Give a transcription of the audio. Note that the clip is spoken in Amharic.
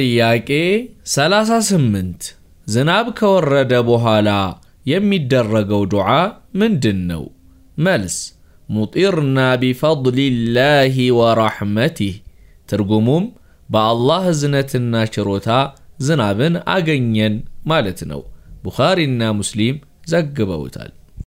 ጥያቄ 38 ዝናብ ከወረደ በኋላ የሚደረገው ዱዓ ምንድን ነው? መልስ ሙጢርና ቢፈድሊላሂ ወረሕመቲህ። ትርጉሙም በአላህ እዝነትና ችሮታ ዝናብን አገኘን ማለት ነው። ቡኻሪና ሙስሊም ዘግበውታል።